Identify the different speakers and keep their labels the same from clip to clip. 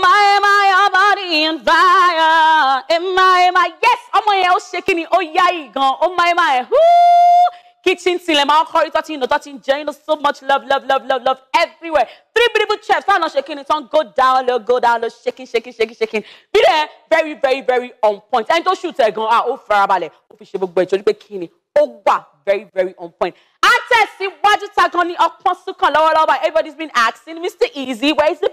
Speaker 1: Am I am I a body in fire Am I am I? yes I'm yẹn ó shaking. Oh yeah, yá ìgan Oh my my, máa ẹ húúú kitchen tilẹ̀ máa ń kọrí tọ́tí iná tọ́tí ń jẹ́ iná so much love love love love love everywhere three beautiful chefs táwọn not shaking. kíni on. go down low go down low shaking shaking shaking shaking Be there, very very very on point And don't shoot, I go. ah ó farabalẹ̀ ó fi ṣe gbogbo ìjọ́jú pé kíni very very on point a tẹ̀síwájú ta gan ni ọpọ́n sùn kan lọ́wọ́lọ́wọ́ everybody's been asking Mr. Easy where is the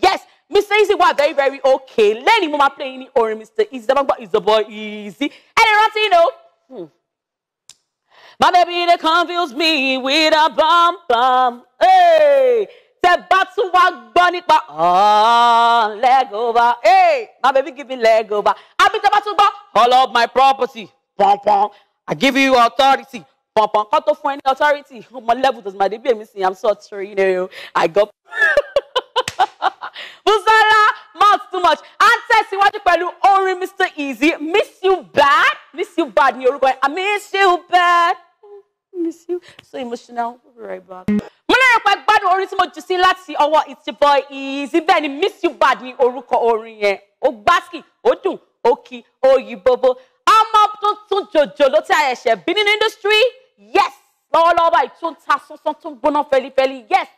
Speaker 1: Yes, Mr. Easy wà very very okay. Lẹ́yìn mama playing play yín Mr. Easy The bá is the boy Easy. Ẹni rántí you know, hmm. My baby that confuse me with a bum bum. Hey. Tẹ bá tún wá gbọ́ nípa oh, leg over. Hey, my baby give me leg over. I tẹ the tún gbọ́ all of my property. Pọ̀npọ̀n, I give you authority. Pọ̀npọ̀n, kọ́ Cut off any authority. Oh, my level does my baby missing. i I'm so sorry, you know, I got. too much. À ń tẹ̀síwájú pẹ̀lú only Mr Easy miss you bad miss you bad ni orúkọ yẹn I miss you bad miss you so emotional we'll be right back. mo lérò pé gbádùn orin tí mo jù sí láti ọwọ́ it's your boy Easy bẹ́ẹ̀ ni miss you bad ni orúkọ orin yẹn ó gbásìkì ó dùn ó kí ó yí bóbó ọmọ tuntun jòjòló tí a ṣẹ̀ṣẹ̀ bí nínú industry yes lọ́wọ́lọ́wọ́ báyìí tún ta sánsán tún gbóná fẹlifẹli yes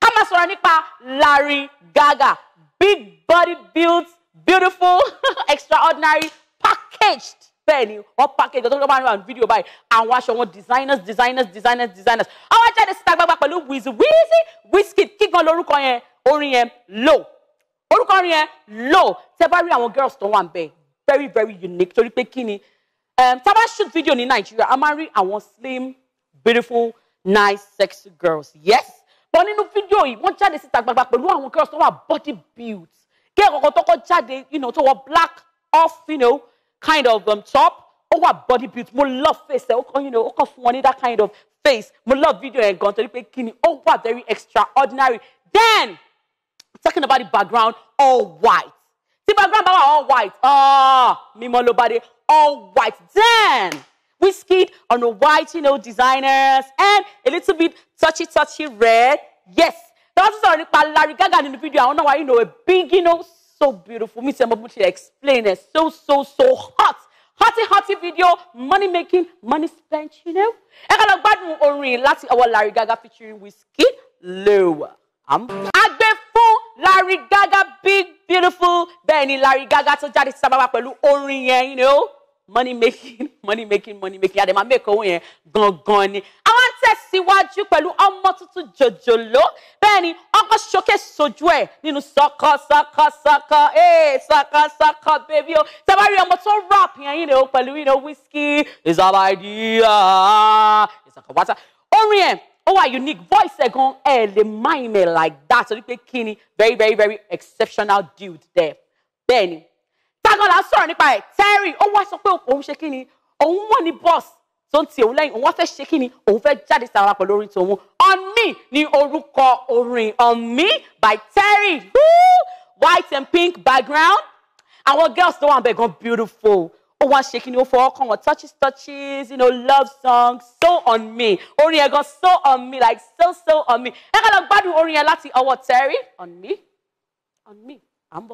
Speaker 1: ká máa sọ̀rọ̀ nípa Larry Gaga big body built beautiful extraordinary packaged bẹ́ẹ̀ ni wọ́n package ọ̀tọ́ tó bá ń ra fídíò báyìí àwọn aṣọ wọn designers designers designers designers àwọn ajáde síta gbagba pẹ̀lú wizzy wizzy wizkid kíkan lórúkọ yẹn orin yẹn low orúkọ orin yẹn low tẹ bá rí àwọn girls tó wà ń bẹ very very unique torí pé kí ni tá a bá shoot video ní nàìjíríà a máa rí àwọn slim beautiful nice sexy girls yes bọ́ nínú fídíò yìí wọ́n jáde síta gbagba pẹ̀lú àwọn girls tó wà body built kí ẹ̀kọ́kọ́ tọ́kọ́ jáde you know, tó wọ black off you know, kind of um, top ó wà body built mo love face ẹ̀ ó you know, ó kàn fún wọn ní that kind of face mo love video yẹn gan torí pé kini. ni ó wà very extraordinary then talking about the background all white tí background bá wà all white ah, mímọ́ ló bá dé all white then whiskey on a white you know, designers and a little bit touchy touchy red yes lọ́wọ́ tún sọ̀rọ̀ nípa Larry Gaga nínú fídíò àwọn náà wà yìí nù a big you know so beautiful mi ti ẹ̀ mọ́ bí explain it so so so hot Hoty hoty video money making money spent you know ẹ ká lọ gbádùn orin láti ọwọ́ Larry Gaga featuring whiskey. lewa. agbe fún Larry Gaga big beautiful bẹ́ẹ̀ ni Larry Gaga tó jáde sábà wá pẹ̀lú orin yẹn you know money making money making money making àdèmà mẹ́kọ̀ owó yẹn gangan ni tẹ̀síwájú pẹ̀lú ọmọ tuntun jòjòló bẹ́ẹ̀ ni ọkọ̀ ṣoké sojú ẹ̀ nínú sọkọ sọkọ sọkọ ee sọkọ sọkọ bébí o tẹ́bá ọmọ tó rap yẹn yìí lẹ́wọ́ pẹ̀lú yìí lẹ́wọ́ wíṣkì ìsàbàdìyà ìsàkọ̀bátà orin ẹ̀ ó wà unique voice ẹ̀ gan ẹ̀ lè mime ẹ̀ like that torí pé kí ni very very very exceptional dude there bẹ́ẹ̀ ni tágọ́lá sọ̀rọ̀ nípa ẹ̀ Terry ó wá sọ pé òun ṣe kí ni òun wọ́n ní bọ́ọ̀sì tó ń ti òun lẹ́yìn òun wá fẹ́ ṣe kí ni òun fẹ́ jáde sára pẹ̀lú orin tòun on me ni orúkọ orin on me by Terry Woo! white and pink background àwọn girls tó wà ń bẹ̀ gan beautiful ó wá ṣe kí ni ó fọwọ́ kàn wọ́n touches touches you know love song so on me orin yẹn gan so on me like so so on me ẹ ká lọ gbádùn orin yẹn láti ọwọ́ Terry on me on me